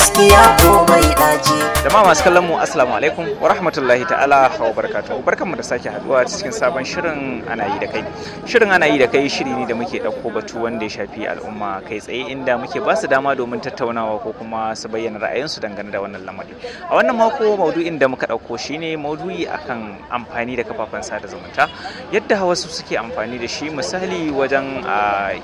gaskiya komai jama'a masu kallon mu assalamu alaikum wa rahmatullahi ta'ala wa barakatuhu barkanmu da sake haduwa cikin sabon shirin ana yi da kai shirin ana yi da kai shiri ne da muke dauko batu wanda ya shafi al'umma kai tsaye inda muke ba su dama domin tattaunawa ko kuma su bayyana ra'ayinsu dangane da wannan lamari a wannan mako maudu'in da muka dauko shine maudu'i akan amfani da kafafen sada zumunta yadda wasu suke amfani da shi misali wajen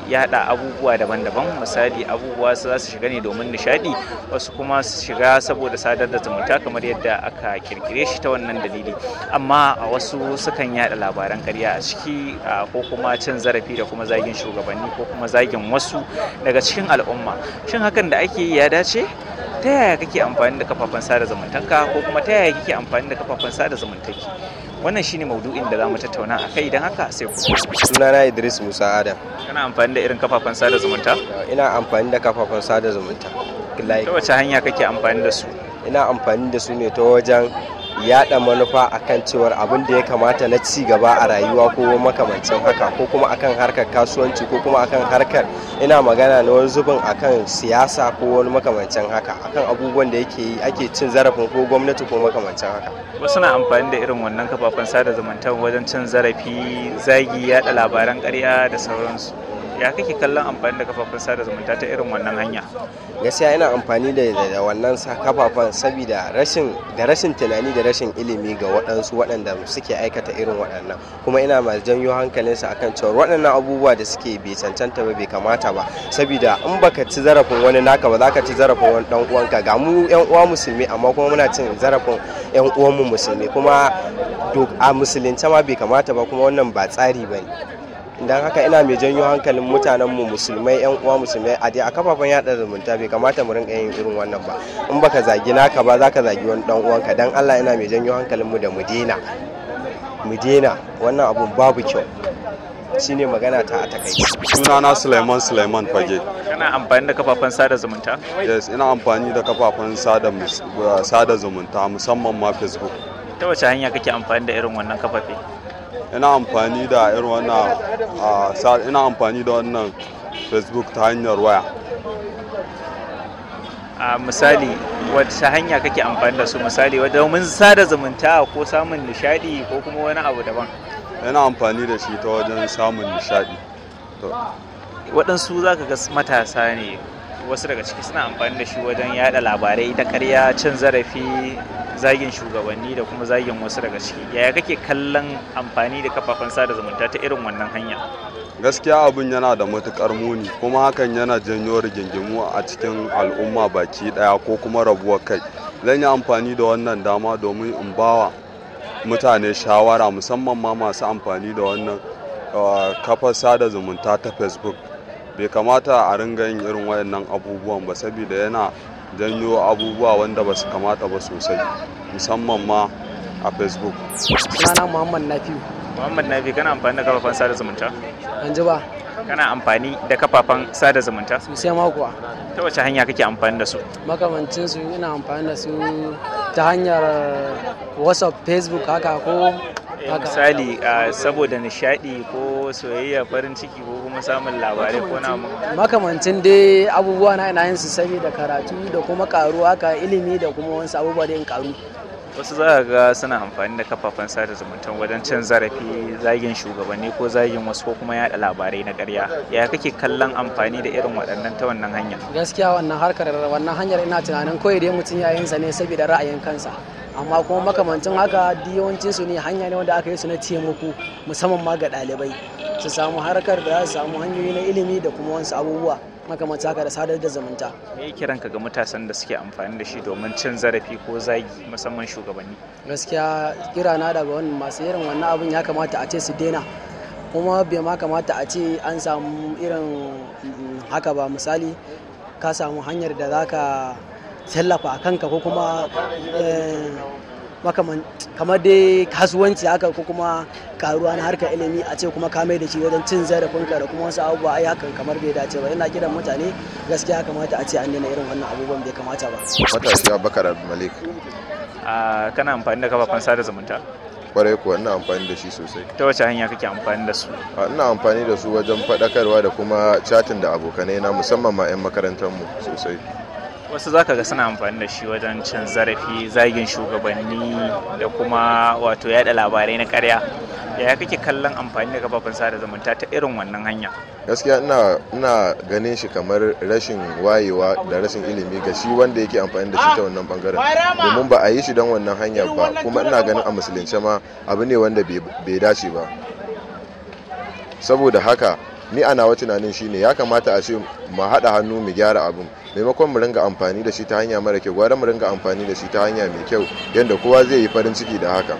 yada abubuwa daban-daban misali abubuwa su za su shiga ne domin nishadi wasu kuma su shiga saboda sadar da wuta kamar yadda aka kirkire shi ta wannan dalili amma a wasu sukan yada labaran karya a ciki ko kuma cin zarafi da kuma zagin shugabanni ko kuma zagin wasu daga cikin al'umma shin hakan da ake yi ya dace ta yaya kake amfani da kafafen sada zumuntanka ko kuma ta yaya kake amfani da kafafen sada zumuntanki wannan shine maudu'in da za mu tattauna a kai idan haka sai ku sunana Idris Musa Adam kana amfani da irin kafafen sada zumunta ina amfani da kafafen sada zumunta ta wace hanya kake amfani da su ina amfani da su ne ta wajen yada manufa akan cewar abin da ya kamata na ci gaba a rayuwa ko makamancin haka ko kuma akan harkar kasuwanci ko kuma akan harkar ina magana na wani zubin akan siyasa ko wani makamancin haka akan abubuwan da yake yi ake cin zarafin ko gwamnati ko makamancin haka wasu na amfani da irin wannan kafafen sada zumunta wajen cin zarafi zagi yada labaran ƙarya da sauransu ya kake kallon amfani da kafafen sada zumunta ta irin wannan hanya gaskiya ina amfani da wannan kafafen saboda rashin da rashin tunani da rashin ilimi ga waɗansu waɗanda suke aikata irin waɗannan kuma ina ma janyo hankalinsa akan cewa waɗannan abubuwa da suke bai cancanta ba bai kamata ba saboda in baka ci zarafin wani naka ba za ka ci zarafin wani dan uwanka ga mu yan uwa musulmi amma kuma muna cin zarafin yan uwanmu musulmi kuma a musulunce ma bai kamata ba kuma wannan ba tsari ba ne don haka ina mai janyo hankalin mutanen mu musulmai yan uwa musulmai a dai a kafafen yada zumunta bai kamata mu rinka yin irin wannan ba in baka zagi naka ba zaka zagi wani dan uwanka dan Allah ina mai janyo hankalin mu da Mudina, Mudina wannan abun babu kyau shine magana ta a takaice sunana Suleiman Suleiman Fage kana amfani da kafafen sada zumunta yes ina amfani da kafafen sada sada zumunta musamman ma Facebook ta wace hanya kake amfani da irin wannan kafafe ina amfani da irin wannan ina amfani da wannan facebook ta hanyar waya a misali wata hanya kake amfani da su misali wadda domin sada zumunta ko samun nishadi ko kuma wani abu daban yana amfani da shi ta wajen samun nishadi waɗansu za ka ga matasa ne wasu daga ciki suna amfani da shi wajen yada labarai ta karya cin zarafi zagin shugabanni da kuma zagin wasu daga ciki yaya kake kallon amfani da kafafen sada zumunta ta irin wannan hanya gaskiya abin yana da matukar muni kuma hakan yana janyo rigingimu a cikin al'umma baki daya ko kuma rabuwar kai zan yi amfani da wannan dama domin in bawa mutane shawara musamman ma masu amfani da wannan ah, kafar sada zumunta ta facebook bai kamata a ringa yin irin wayannan abubuwan ba saboda yana janyo abubuwa wanda ba su kamata ba sosai musamman ma a facebook sunana muhammad Nafi. muhammad nafi kana amfani da kafafen sada zumunta an ji ba kana amfani da kafafen sada zumunta sosai ma kuwa ta wace hanya kake amfani da su makamancin su ina amfani da su ta hanyar whatsapp facebook haka ko Eh, misali ah, saboda nishadi ko soyayya farin ciki ko kuma samun labarai ko na makamancin dai abubuwa na ina yin su saboda karatu da kuma karuwa haka ilimi da kuma wasu abubuwa da yin karu wasu za a ga suna amfani da kafafen sada zumunta wajen cin zarafi zagin shugabanni ko zagin wasu ko kuma yada labarai na ƙarya ya kake kallon amfani da irin waɗannan ta wannan hanyar gaskiya wannan harkar wannan hanyar ina tunanin kawai dai mutum yayinsa ne saboda ra'ayin kansa amma kuma makamancin haka yawancin su ne hanya ne wanda aka yi su na taimako musamman ma ga ɗalibai su samu harkar da su samu hanyoyi na ilimi da kuma wasu abubuwa makamancin haka da sadar da zumunta me yake ranka ga matasan da suke amfani da shi domin cin zarafi ko zagi musamman shugabanni gaskiya kira na daga wannan masu irin wannan abin ya kamata a ce su daina kuma bai ma kamata a ce an samu irin mm, haka ba misali ka samu hanyar da zaka tallafa a kanka ko kuma eh, kamar dai kasuwanci haka ko kuma karuwa na harkar ilimi a ce kuma kame da shi wajen cin zarafinka da kuma wasu abubuwa ai hakan kamar bai dace ba ina kiran mutane gaskiya kamata a ce an nuna irin wannan abubuwan bai kamata ba matashi abubakar malik kana amfani da kafafen sada zumunta kwarai kuwa ina amfani da shi sosai ta wace hanya kake amfani da su ina amfani da su wajen faɗakarwa da kuma chatin da abokanai na musamman ma 'yan makarantar mu sosai wasu zaka ga suna amfani da shi wajen cin zarafi zagin shugabanni da kuma wato yada labarai na karya yaya kake kallon amfani da kafafen sada zumunta ta irin wannan hanya gaskiya ina ina ganin shi kamar rashin wayewa da rashin ilimi ga shi wanda yake amfani da shi ta wannan bangaren domin ba a yi shi don wannan hanya ba kuma ina ganin a musulunce ma abu ne wanda bai dace ba saboda haka ni a nawa tunanin shine ya kamata a ce mu haɗa hannu mu gyara abin maimakon mu ringa amfani da shi ta hanya mara kyau gwara mu ringa amfani da shi ta hanya mai kyau yadda kowa zai yi farin ciki da haka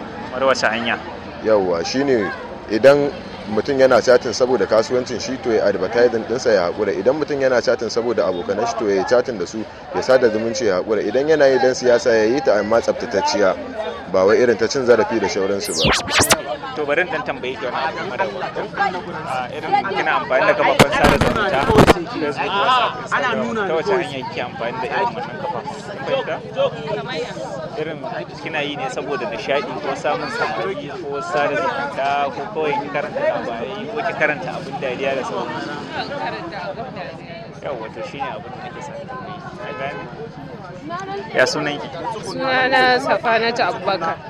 wace hanya yawwa shine idan mutum yana chatin saboda kasuwancin shi to ya advertising dinsa ya hakura idan mutum yana chatin saboda abokan shi to ya chatin da su ya sada zumunci ya hakura idan yana yi dan siyasa ya yi ta amma tsaftatacciya ba wai irin ta cin zarafi da shauransu ba to bari dan tambaye ki wani abu mara ah, irin kina amfani da kafafen sada zumunta facebook whatsapp ta wace hanya ki amfani da irin wannan kafafen irin kina yi ne saboda nishadi ko samun samari ko sada zumunta ko kawai ki karanta labarai ko ki karanta abin dariya da sauransu yawa to shine abin da ake sani ya sunan ki sunana ta abubakar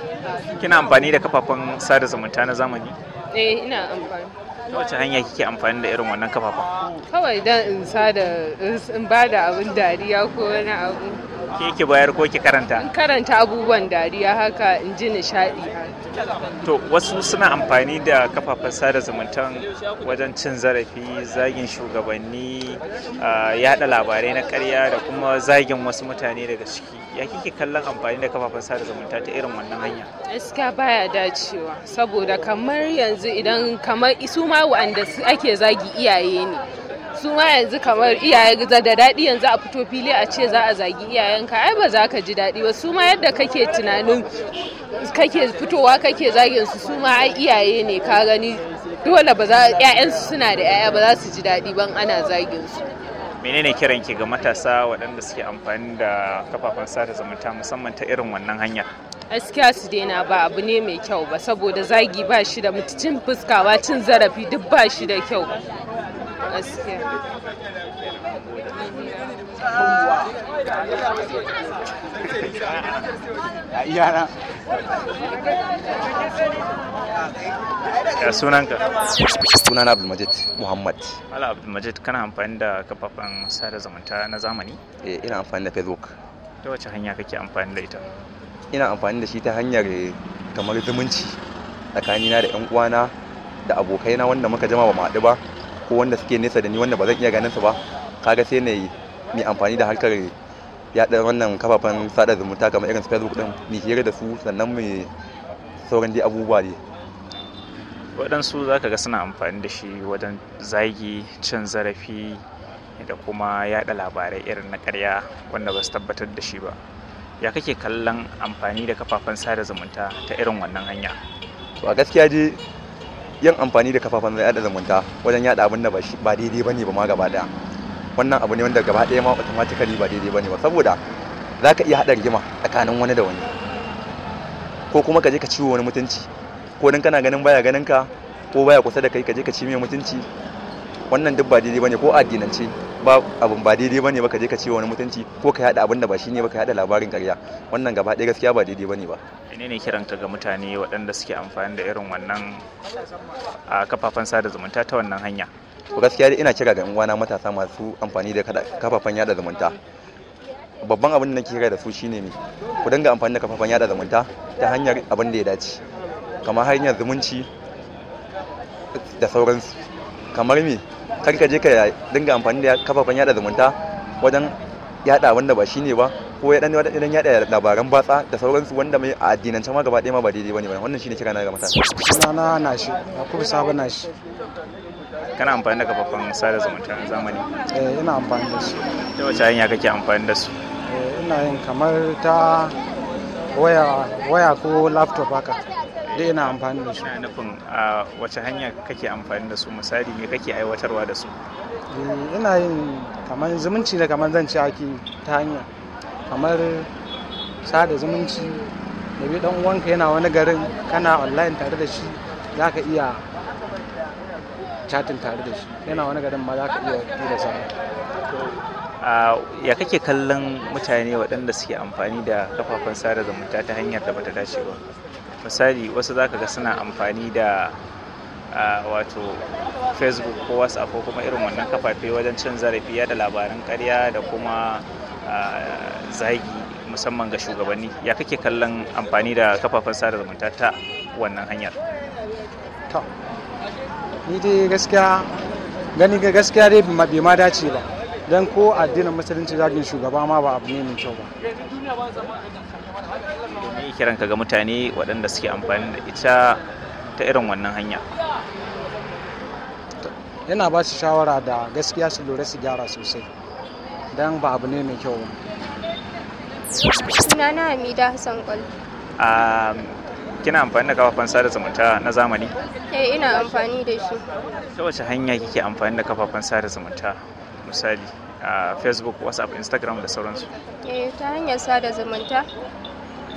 kina amfani da kafafen sada zumunta na zamani eh ina amfani ta wace hanya kike amfani da irin wannan kafafen kawai dan in sada in bada abin dariya ko wani abu ke ki bayar ko ki karanta in karanta abubuwan dariya haka in ji nishadi to wasu suna amfani da kafafen sada zumunta wajen cin zarafi zagin shugabanni ah, yada labarai na karya da kuma zagin wasu mutane daga ciki ya kike kallon amfani da kafafen sada zumunta ta irin wannan hanya gaskiya baya dacewa saboda kamar yanzu idan kamar su ma wanda ake zagi iyaye ne su ma yanzu kamar iyaye da daɗi yanzu a fito fili a ce za a zagi iyayenka ai ba za ka ji daɗi ba su ma yadda kake tunanin kake fitowa kake zagin su su ma ai iyaye ne ka gani dole ba za ƴaƴansu suna da ƴaƴa ba za su ji daɗi ban ana zagin su menene kiran ki ga matasa waɗanda suke amfani da kafafen sada zumunta musamman ta irin wannan hanya gaskiya su daina ba abu ne mai kyau ba saboda zagi ba shi da mutucin fuskawa cin zarafi duk ba shi da kyau gaskiya abubuwa ya sunanka sunana abdulmajid muhammad ala abdulmajid kana amfani da kafafen sada zumunta na zamani eh ina amfani da facebook ta wace hanya kake amfani da ita ina amfani da shi ta hanyar eh, kamar zumunci tsakanina da 'yan uwana da abokaina wanda muka jama ba mu haɗu ba ko wanda suke nesa da ni wanda ba zan iya ganin su ba kaga sai na yi mai amfani da harkar da wannan kafafen sada zumunta kamar irin facebook din mai hira da su sannan mai sauran dai abubuwa ne. waɗansu za ka ga suna amfani da shi wajen zagi cin zarafi da kuma yaɗa labarai irin na ƙarya wanda ba su tabbatar da shi ba ya kake kallon amfani da kafafen sada zumunta ta irin wannan hanya to a gaskiya dai yin amfani da kafafen yada zumunta wajen yada abin da ba daidai ba ne ba ma gaba daya wannan abu ne wanda gaba ɗaya ma automatically ba daidai bane ba saboda za ka iya haɗa rigima tsakanin wani da wani ko kuma ka je ka ciwo wani mutunci ko dan kana ganin baya ganin ka ko baya kusa da kai ka je ka ci mai mutunci wannan duk ba daidai bane ko addinance ba abun ba daidai bane ba ka je ka ciwo wani mutunci ko ka yada abin da ba shine ba ka yada labarin ƙarya wannan gaba ɗaya gaskiya ba daidai bane ba ne ne kiranka ga mutane waɗanda suke amfani da irin wannan a kafafen sada zumunta ta wannan hanya to gaskiya ina kira ga uwana matasa masu amfani da kafafen yada zumunta babban abin da nake kira da su shine ne ku dinga amfani da kafafen yada zumunta ta hanyar abin da ya dace kamar hanyar zumunci da sauransu kamar me kar ka je ka dinga amfani da kafafen yada zumunta wajen yada wanda ba shine ba ko ya dan wadannan yada labaran batsa da sauransu wanda mai a addinance ma gaba ɗaya ma ba daidai bane wannan shine kira na ga matasa na na shi ku sabo na shi kana amfani da kafafen sada zumunta na zamani eh ina amfani da su ta wace hanya kake amfani da su eh ina yin kamar ta waya waya ko laptop haka dai ina amfani da su Na nufin a wace hanya kake amfani da su misali me kake aiwatarwa da su eh, ina yin kamar zumunci da kamar zan ci aiki ta hanya kamar sada zumunci da bi dan uwanka yana wani garin kana online tare da shi zaka iya chatin tare da shi yana wani garin ma za ka iya yi da ah, ya kake kallon mutane waɗanda suke amfani da kafafen sada zumunta ta hanyar da bata dace ba misali wasu za ka ga suna amfani da ah, wato facebook ko whatsapp ko kuma irin wannan kafafe wajen cin zarafi da labaran karya da kuma ah, zagi musamman ga shugabanni ya kake kallon amfani da kafafen sada zumunta ta wannan hanyar ni dai gaskiya gani ga gaskiya dai bai ma dace ba don ko addinin musulunci zagin shugaba ma ba abu ne mai kyau ba me kiran ka ga mutane waɗanda suke amfani da ita ta irin wannan hanya yana ba su shawara da gaskiya su lura su gyara sosai don ba abu ne mai kyau ba sunana hamida hassan kwallo kina amfani da kafafen sada zumunta na zamani eh ina amfani da shi ta wace hanya kike amfani da kafafen sada zumunta misali a facebook whatsapp instagram da sauransu eh ta hanyar sada zumunta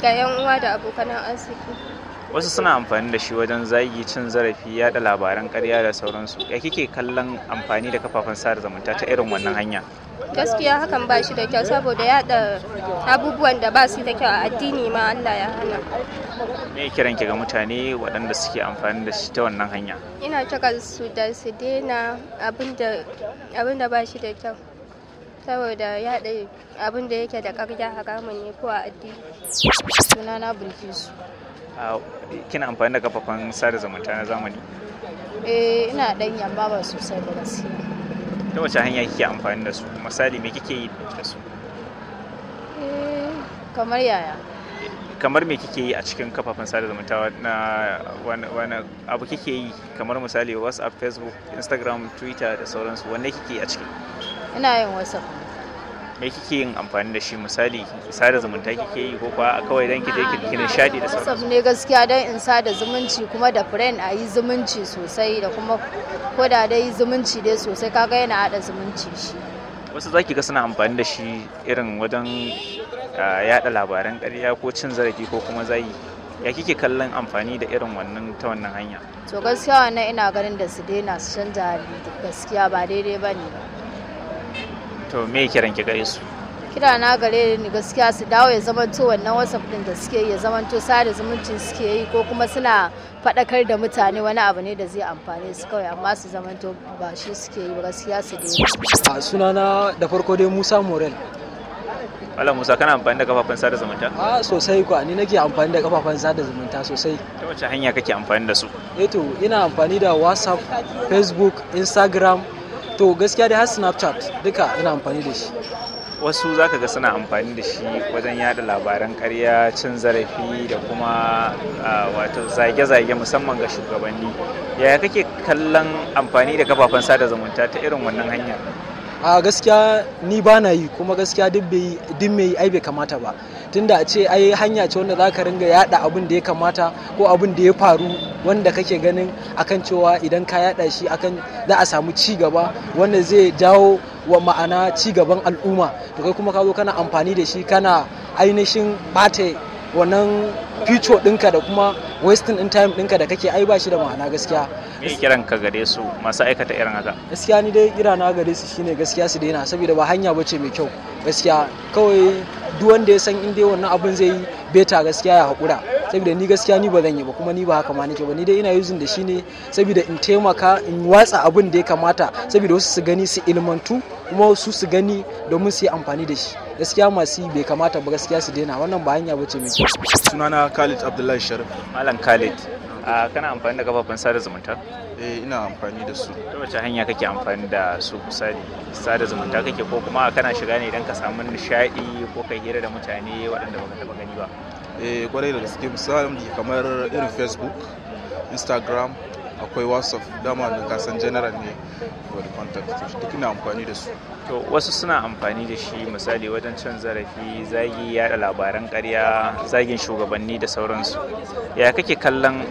ga yan uwa da abokan arziki wasu suna amfani da shi wajen zagi cin zarafi yada labaran ƙarya da sauransu ya kike kallon amfani da kafafen sada zumunta ta irin wannan hanya gaskiya hakan ba shi da kyau saboda da abubuwan da ba su da kyau a addini ma Allah ya hana me kiran ki ga mutane waɗanda suke amfani da shi ta wannan hanya ina cikar su da su daina abin da ba shi da kyau saboda da abin da yake da ƙarya haramun ne ko a addini sunana bilkisu kina amfani da kafafen sada zamanta na zamani eh ina ɗan yamma ba sosai da gaskiya ta wace hanya kike amfani da su misali me kike yi da su eh, kamar yaya kamar me kike yi a cikin kafafen sada zumunta na wani abu kike yi kamar misali whatsapp facebook instagram twitter da sauransu wanne kike yi a ciki ina yin whatsapp me kike yin amfani da shi misali sada zumunta kike yi ko kuwa a kawai dan kije ki nishadi da sauransu WhatsApp ne gaskiya dan in sada zumunci kuma da friend ayi zumunci sosai da kuma ko da dai zumunci dai sosai kaga yana hada zumunci shi wasu zaki ga suna amfani da shi irin wajen yada labaran ƙarya ko cin zarafi ko kuma zayi ya kike kallon amfani da irin wannan ta wannan hanya to gaskiya wannan ina ganin da su daina su canza gaskiya ba daidai bane ba to me kiran ki gare su kira na gare ni gaskiya su dawo ya zamanto wannan whatsapp din da suke yi ya zamanto sada zumuncin suke yi ko kuma suna faɗakar da mutane wani abu ne da zai amfane su kawai amma su zamanto ba shi suke yi gaskiya su daina a sunana da farko dai Musa Morel Allah Musa kana amfani da kafafen sada zumunta? A sosai kuwa ni nake amfani da kafafen sada zumunta sosai. Ta wace hanya kake amfani da su? Eh to ina amfani da WhatsApp, Facebook, Instagram, to gaskiya dai har snapchat duka ina amfani da shi wasu zaka ga suna amfani da shi wajen yada labaran karya cin zarafi da kuma wato zage-zage musamman ga shugabanni yaya kake kallon amfani da kafafen sada zumunta ta irin wannan hanyar a gaskiya ni ba na yi kuma gaskiya duk mai yi ai bai kamata ba tunda a ce ai hanya ce wanda zaka ringa yada abin da ya kamata ko abin da ya faru wanda kake ganin akan cewa idan ka yada shi akan za a samu ci gaba wanda zai jawo wa ma'ana ci gaban al'umma to kai kuma ka zo kana amfani da shi kana ainihin bata wannan future ɗinka da kuma wasting in time ɗinka da kake ai ba shi da ma'ana gaskiya me kiran ka gare su masu aikata irin haka gaskiya ni dai kira na gare su shine gaskiya su daina saboda ba hanya bace mai kyau gaskiya kawai duk wanda ya san in dai wannan abun zai beta gaskiya ya hakura saboda ni gaskiya ni ba zan yi ba kuma ni ba haka ma nake ba ni dai ina yuzin da shi ne saboda in taimaka in watsa abin da ya kamata saboda wasu su gani su ilmantu kuma wasu su gani domin su yi amfani da shi gaskiya masu bai kamata ba gaskiya su daina wannan ba hanya bace mai sunana Khalid Abdullahi Sharif Malam Khalid kana amfani da kafafen sada zumunta eh ina amfani da su ta wace hanya kake amfani da su misali sada zumunta kake ko kuma kana shiga ne idan ka samu nishadi ko kai hira da mutane waɗanda baka taba gani ba eh kwarai da gaske misali kamar irin Facebook Instagram akwai whatsapp dama da kasan general ne for the contact duk na amfani da su to wasu suna amfani da shi misali wajen cin zarafi zagi yada labaran karya zagin shugabanni da sauransu ya kake kallon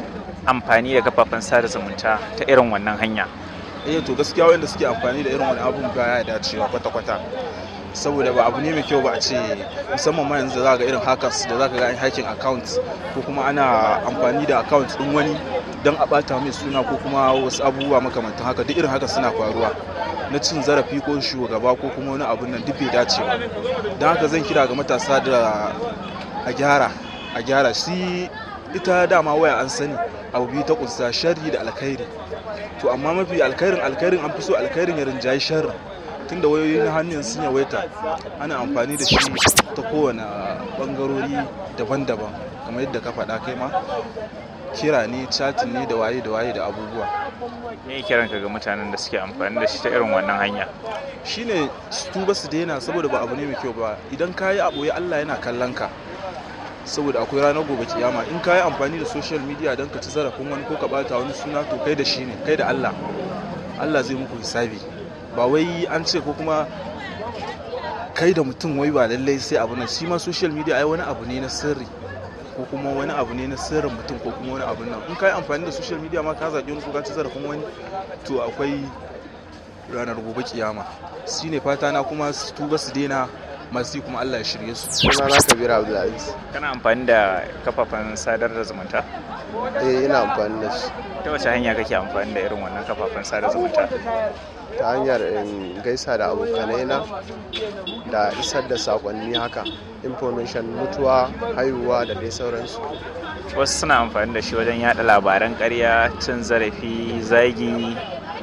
amfani da kafafen sada zumunta ta irin wannan hanya eh to gaskiya wanda suke amfani da irin wani abun baya dacewa kwata-kwata saboda ba abu ne mai kyau ba a ce musamman ma yanzu za ga irin hackers da za ka ga an hacking account ko kuma ana amfani da account din wani don a bata mai suna ko kuma wasu abubuwa makamantan haka duk irin haka suna faruwa na cin zarafi ko shugaba ko kuma wani abun nan duk bai dace don haka zan kira ga matasa da a gyara a gyara shi ita dama waya an sani abu biyu ta kunsa shari da alkhairi to amma mafi alkhairin alkhairin an fi so alkhairin ya rinjayi sharrin tunda wayoyin hannun sun yawaita ana amfani da shi ta kowane bangarori daban-daban kamar yadda ka faɗa kai ma kira ne chatin ne da waye da waye da abubuwa me ka ga mutanen da suke amfani da shi ta irin wannan hanya shine su tuba su daina saboda ba abu ne mai kyau ba idan ka yi aboye Allah yana kallon ka saboda akwai ranar gobe kiyama in ka yi amfani da social media don ka ci zarafin wani ko ka bata wani suna to kai da shi ne kai da Allah Allah zai muku hisabi ba wai an ce ko kuma kai da mutum wai ba lallai sai abu nan shi ma social media ai wani abu ne na sirri ko kuma wani abu ne na sirrin mutum ko kuma wani abu nan in kai amfani da social media ma ka zagi wani ko ka ci zarafin wani to akwai ranar gobe kiyama ne fata na kuma su tuba su daina masu kuma Allah ya shirye su. Kuma na Kabir Abdulaziz. Kana amfani da kafafen sadar da zumunta? Eh ina amfani da shi. Ta wace hanya kake amfani da irin wannan kafafen sadar zumunta? ta hanyar in gaisa da abokanai na da isar da sakonni haka information mutuwa haihuwa da dai sauransu wasu suna amfani da shi wajen yada labaran karya cin zarafi zagi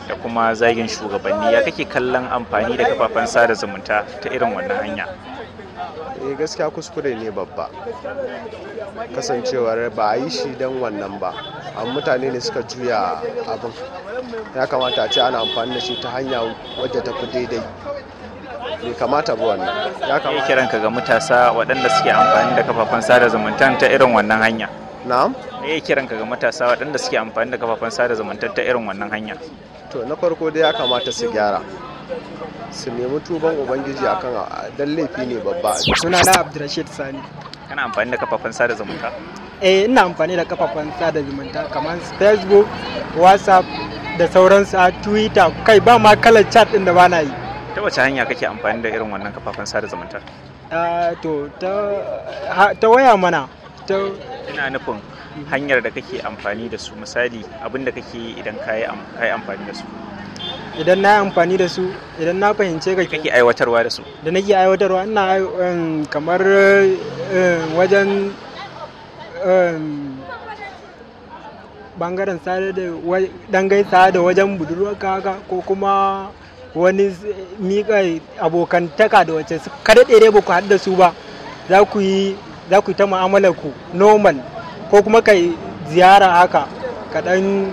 da kuma zagin shugabanni ya kake kallon amfani da kafafen sada zumunta ta irin wannan hanya eh gaskiya kuskure ne babba kasancewar ba a yi shi don wannan ba amma mutane ne suka juya abin ya kamata a ce ana amfani da shi ta hanya wadda ta fi daidai bai kamata ba wannan ya kamata kiran ka ga matasa waɗanda suke amfani da kafafen sada zumunta ta irin wannan hanya na'am me kiran ka ga matasa waɗanda suke amfani da kafafen sada zumunta ta irin wannan hanya to na farko dai ya kamata su gyara su nemi tuban ubangiji akan dan laifi ne babba suna na abdurashid sani kana amfani da kafafen sada zumunta eh ina amfani da kafafen sada zumunta kamar facebook whatsapp da sauransu a twitter kai ba ma kalar chat din da ba na yi ta wace hanya kake amfani da irin wannan kafafen sada zumunta to ta waya mana ta ina nufin hanyar da kake amfani da su misali abin da kake idan ka yi amfani da su idan na yi amfani da su idan na fahimce ka kake aiwatarwa da su da nake aiwatarwa ina um, kamar um, wajen um, bangaren sada da dangai gaisa da wajen budurwarka ko kuma wani miƙa abokantaka da wace su kada ɗere ba ku haɗu da su ba za ku yi ta mu'amalar ku normal ko kuma kai ziyara haka kaɗan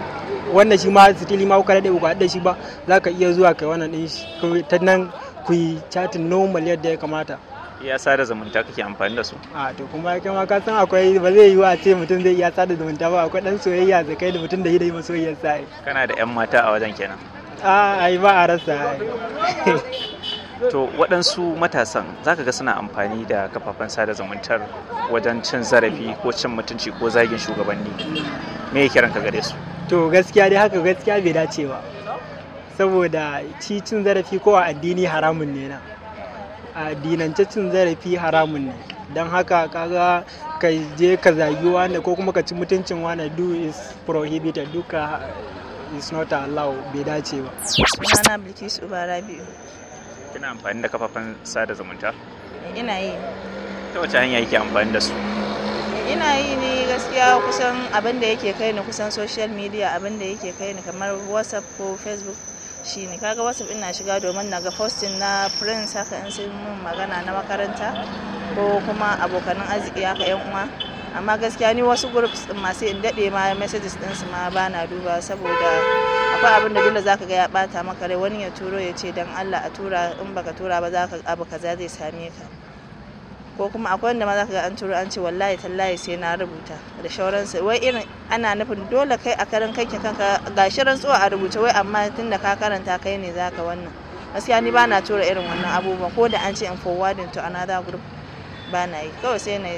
wannan shi ma fitili ma kuka daɗe ba ku haɗu da shi ba za ka iya zuwa kai wannan ɗin ta nan ku yi chatin normal yadda ya kamata iya sada zumunta kake amfani da su a to kuma kai ma ka san akwai ba zai yi a ce mutum zai iya sada zumunta ba akwai dan soyayya da kai da mutum da yi da yi masoyiyar sa kana da yan mata a wajen kenan a ai ba a rasa to waɗansu matasan zaka ga suna amfani da kafafen sada zumuntar wajen cin zarafi ko cin mutunci ko zagin shugabanni me ya kiranka gare su to gaskiya dai haka gaskiya bai dace ba saboda ci cin zarafi ko a addini haramun ne na addinance cin zarafi haramun ne don haka kaga ka je ka zagi wani ko kuma ka ci mutuncin wani do is prohibited duka is not allowed bai dace ba. kina amfani da kafafen sada zumunta ina yi ta wace hanya yake amfani da su ina yi ne gaskiya kusan abin da yake kai ni kusan social media abin da yake kai ni kamar whatsapp ko facebook shi ne kaga whatsapp ina shiga domin na ga posting na prince haka in sun mun magana na makaranta ko kuma abokanin arziki haka yan uwa amma gaskiya ni wasu groups masu in daɗe ma messages su ma ba na duba saboda akwai abin da dole zaka ga ya bata maka rai wani ya turo ya ce dan Allah a tura in baka tura ba zaka abu kaza zai same ka ko kuma akwai wanda ma zaka ga an turo an ce wallahi tallahi sai na rubuta da shauransu wai irin ana nufin dole kai a karin kanka kanka gashi rantsuwa a rubuce wai amma tunda ka karanta kai ne zaka wannan gaskiya ni bana tura irin wannan abubuwan ko da an ce in forwarding to another group bana yi kawai sai na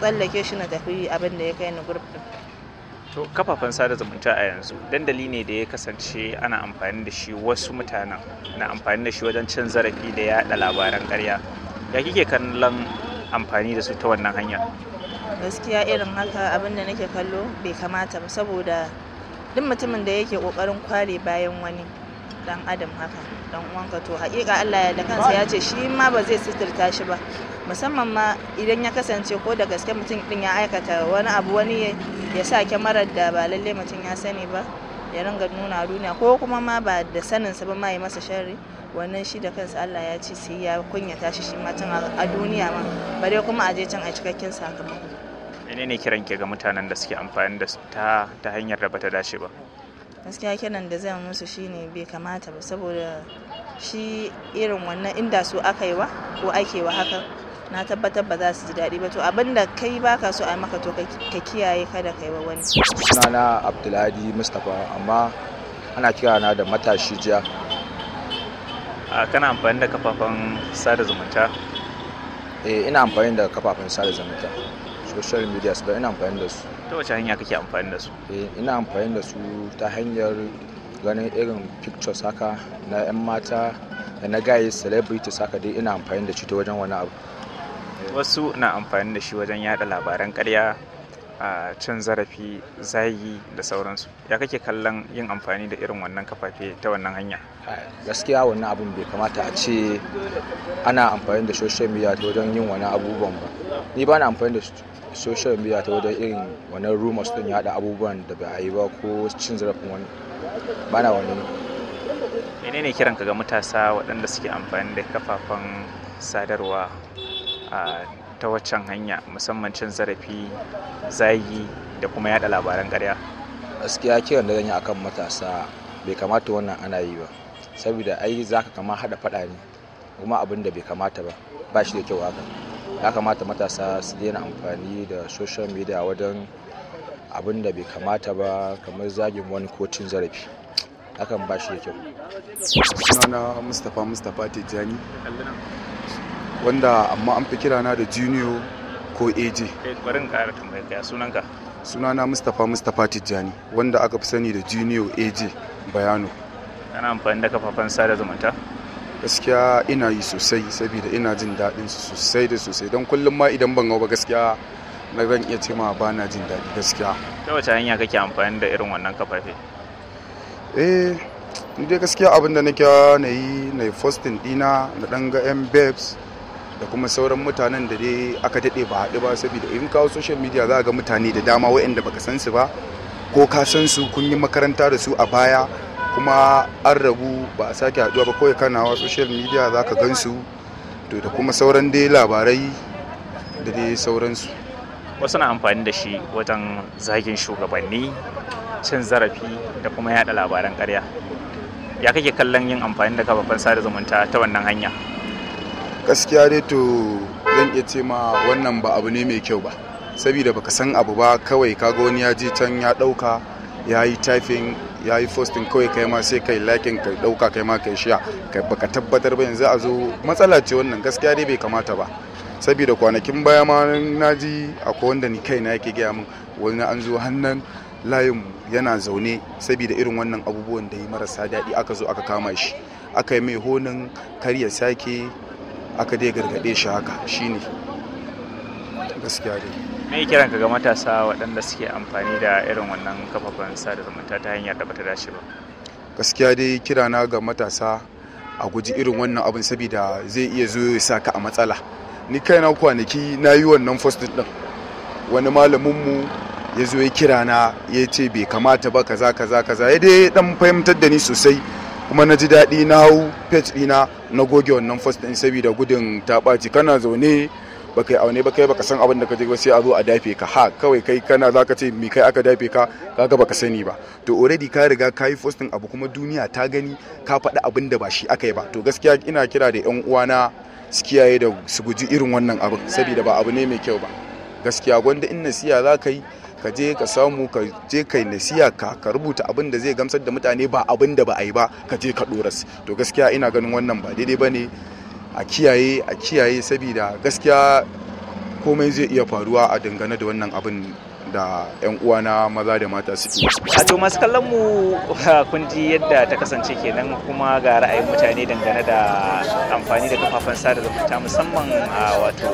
tsallake shi na tafi abin da ya kai ni group din to kafafen sada zumunta a yanzu dandali ne da ya kasance ana amfani da shi wasu mutanen na amfani da shi wajen cin zarafi da yaɗa labaran karya ya kike kallon amfani da su ta wannan hanya gaskiya irin haka abin da nake kallo bai kamata ba saboda duk mutumin da yake kokarin kware bayan wani dan adam haka dan uwanka to hakika Allah ya da kansa ya ce shi ma ba zai suturta shi ba musamman ma idan ya kasance ko da gaske mutum din ya aikata wani abu wani ya sa kyamarar da ba lalle mutum ya sani ba ya ringa nuna duniya ko kuma ma ba da saninsa ba ma yi masa sharri wannan shi da kansa Allah ya ci sai ya kunyata shi shi ma a duniya ma bare kuma a je can a cikakken sakamako menene kiran ke ga mutanen da suke amfani da ta ta hanyar da bata dace ba gaskiya kiran da zai musu shine bai kamata ba saboda shi irin wannan inda su aka yi wa ko ake wa haka na tabbatar ba za su ji daɗi ba to abin da kai baka so a maka to ka kiyaye kada kai wa wani Suna na abdulhadi mustapha amma ana kira na da matashi jiya a kana amfani da kafafen sada zumunta eh ina amfani da kafafen sada zumunta social media su ina amfani da su ta wace hanya kake amfani da su eh ina amfani da su ta hanyar ganin irin pictures haka na 'yan mata da na gaye celebrities haka dai ina amfani da shi ta wajen wani abu wasu na amfani da shi wajen yada labaran karya a cin zarafi zayi da sauransu ya kake kallon yin amfani da irin wannan kafafe ta wannan hanya gaskiya wannan abun bai kamata a ce ana amfani da social media ta wajen yin wani abubuwan ba ni ba na amfani da social media ta wajen irin wannan rumors din yada abubuwan da ba yi ba ko cin zarafin wani ba na wani menene kiranka ga matasa waɗanda suke amfani da kafafen sadarwa ta waccan hanya musamman cin zarafi zagi da kuma yada labaran karya gaskiya kiran da zan zanyi akan matasa bai kamata wannan ana yi ba saboda ai zaka kama hada fada ne kuma abin da bai kamata ba ba shi da kyau haka ya kamata matasa su daina amfani da social media wajen abin da bai kamata ba kamar zagin wani kocin zarafi hakan ba shi da kyau sunana mustapha mustapha tijjani wanda amma an fi kirana da junior ko AJ. Eh, Barin ƙara tambayar ka sunanka? Sunana Mustapha Mustapha Tijjani wanda aka fi sani da junior AJ Bayano. Kana amfani da kafafen sada zumunta? Gaskiya ina yi sosai saboda ina jin daɗin sosai da sosai don kullum ma idan ban ba gaskiya na zan iya ce ma ba na jin daɗi gaskiya. Ta wace hanya kake amfani da irin wannan kafafe? Eh, ni dai gaskiya abin da kya na yi na yi fostin ɗina na ɗan ga 'yan babes da kuma sauran mutanen da dai aka daɗe ba haɗu ba saboda in kawo social media za ga mutane da dama waɗanda baka san su ba ko ka san su kun yi makaranta da su a baya kuma an rabu ba a sake haɗuwa ba kawai kanawa social media za ka gan su to da kuma sauran dai labarai da dai sauransu wasu na amfani da shi wajen zagin shugabanni cin zarafi da kuma yada labaran karya ya kake kallon yin amfani da kafafen sada zumunta ta wannan hanya gaskiya dai to zan iya ce ma wannan ba abu ne mai kyau ba saboda baka san abu ba kawai kaga wani ya je can ya dauka ya yi typing ya yi posting kawai kai ma sai kai likin ka dauka kai ma kai shiya kai baka tabbatar ba yanzu a zo matsala ce wannan gaskiya dai bai kamata ba saboda kwanakin baya ma na ji akwai wanda ni kai na yake gaya mun, wani an zo hannun layin yana zaune saboda irin wannan abubuwan da ya marasa daɗi aka zo aka kama shi aka yi mai honin karya sake aka dai gargaɗe shi haka shine gaskiya dai me kiran ka ga matasa waɗanda suke amfani da irin wannan kafafen sada zumunta ta hanyar da bata dace ba gaskiya dai kirana ga matasa a guji irin wannan abin saboda zai iya zo ya sa ka a matsala ni kaina kwanaki na yi wannan first din wani malaminmu ya zo ya kira na ya ce bai kamata ba kaza kaza kaza ya dai dan fahimtar da ni sosai kuma na ji daɗi na hau page ɗina na goge wannan post ɗin saboda gudun ɓaci kana zaune ba kai aune ba kai baka san abin da ka je ba sai a zo a dafe ka ha kawai kai kana za ka ce me kai aka dafe ka kaga baka sani ba to already ka riga ka yi posting abu kuma duniya ta gani ka faɗi abin da ba shi aka yi ba to gaskiya ina kira da yan uwana su kiyaye da su guji irin wannan abin saboda ba abu ne mai kyau ba gaskiya gwanda in nasiya za ka yi ka je ka samu ka je kai nasiya ka ka rubuta abin da zai gamsar da mutane ba abin da ba a yi ba ka je ka doras to gaskiya ina ganin wannan ba daidai ba ne a kiyaye a kiyaye saboda gaskiya komai zai iya faruwa a dangane da wannan abin da 'yan uwana maza da mata suke. A to masu kallon mu kun ji yadda ta kasance kenan kuma ga ra'ayin mutane dangane da amfani da kafafen sada zumunta musamman a wato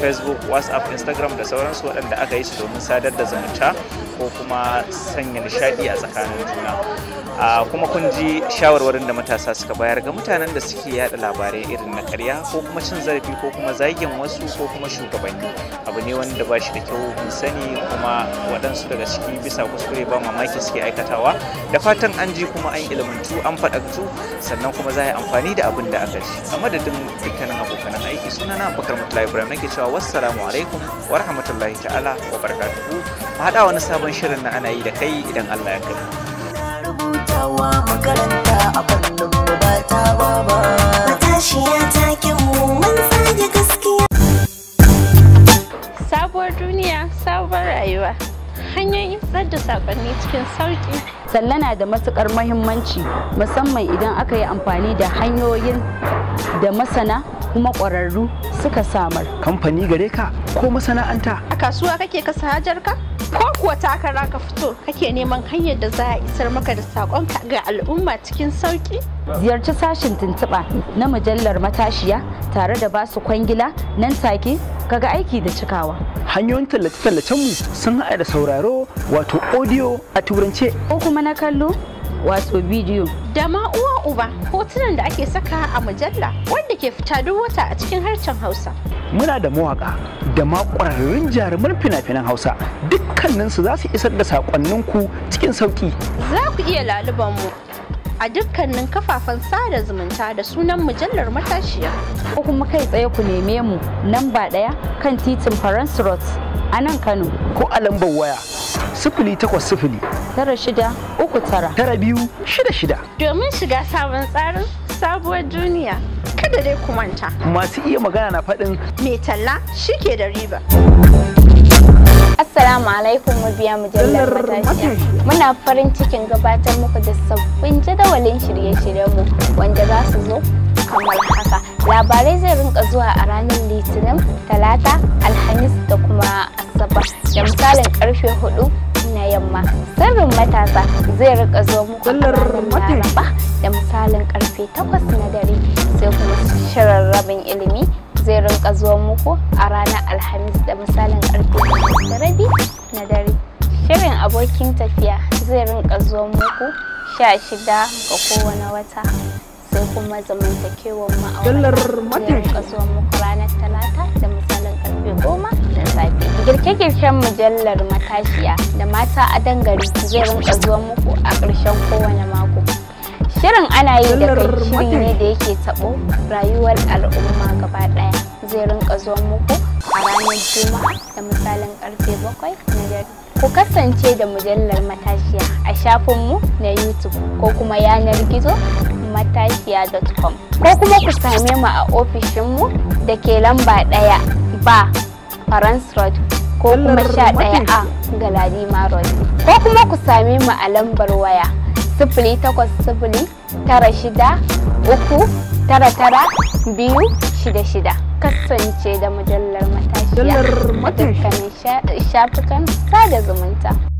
Facebook, WhatsApp, Instagram da sauransu waɗanda aka yi su domin sadar da zumunta ko kuma sanya nishaɗi a tsakanin juna. kuma kun ji shawarwarin da matasa suka bayar ga mutanen da suke yada labarai irin na karya ko kuma cin zarafi ko kuma zagin wasu ko kuma shugabanni abu ne wanda ba shi da kyau sani kuma waɗansu daga ciki bisa kuskure ba mamaki suke aikatawa da fatan an ji kuma an ilmantu an faɗaktu sannan kuma za a yi amfani da abin da aka ji a madadin dukkanin abokan aiki suna na bakar mutala ibrahim nake cewa wassalamu alaikum wa rahmatullahi ta'ala wa barakatuhu mu haɗa wani sabon shirin na ana yi da kai idan allah ya kai. rubutawa makaranta a ba ta ba. Matashiya ta sabuwar duniya sabuwar rayuwa hanyoyin isar da sakonni cikin sauki Sallana na da matukar mahimmanci musamman idan aka yi amfani da hanyoyin da masana kuma ƙwararru suka samar kamfani gare ka ko masana'anta a kasuwa kake kasa hajarka ko kuwa takara ka fito kake neman hanyar da za a isar maka da saƙonka ga al'umma cikin sauki ziyarci sashin tuntuɓa na mujallar matashiya tare da basu kwangila nan take kaga aiki da cikawa hanyoyin tallace-tallacen mu sun haɗa da sauraro wato audio a turance ko kuma na kallo wato bidiyo da ma uwa uba hotunan da ake saka a mujalla wanda ke fita duk wata a cikin harshen hausa muna da mawaka da ma ƙwararrun jaruman fina-finan hausa dukkaninsu za su isar da saƙonninku cikin sauƙi za ku iya laluban mu a dukkanin kafafen sada zumunta da sunan mujallar matashiya ko kuma kai tsaye ku neme mu nan ba ɗaya kan titin faransu a nan kano ko a lambar waya sifili takwas sifili tara shida uku tara tara biyu shida shida domin shiga sabon tsarin sabuwar duniya kada dai ku manta masu iya magana na faɗin mai talla shi ke da riba Assalamu alaikum mabiya mujallar matashiya. Muna farin cikin gabatar muku da sabbin jadawalin shirye-shiryenmu wanda za su zo kamar haka. Labarai zai rinka zuwa a ranar Litinin, Talata, Alhamis da kuma Asabar da misalin karfe hudu na yamma sirrin matasa zai rika zo muku a laraba da misalin karfe 8 na dare sai kuma shirin rabin ilimi zai rinka zuwa muku a ranar alhamis da misalin karfe da na dare shirin abokin tafiya zai rinka zuwa muku sha shida ga kowane wata sai kuma zamantakewar ma'aurata zai rinka zuwa muku Kirkirken mujallar matashiya da mata a dangare zai rinka zuwa muku a ƙarshen kowane mako. Shirin ana yi da kai shiri ne da yake taɓo rayuwar al'umma gaba ɗaya zai rinka zuwa muku a ranar Juma'a da misalin ƙarfe bakwai na dare. Ku kasance da mujallar matashiya a shafinmu na YouTube ko kuma yanar gizo matashiya.com ko kuma ku same mu a ofishinmu da ke lamba ɗaya ba Farans Road ko kuma sha ɗaya a galadi road ko kuma ku sami mu a lambar waya sifili takwas sifili tara shida uku tara tara biyu shida shida kasance da mujallar matashiya a dukkanin shafukan sada zumunta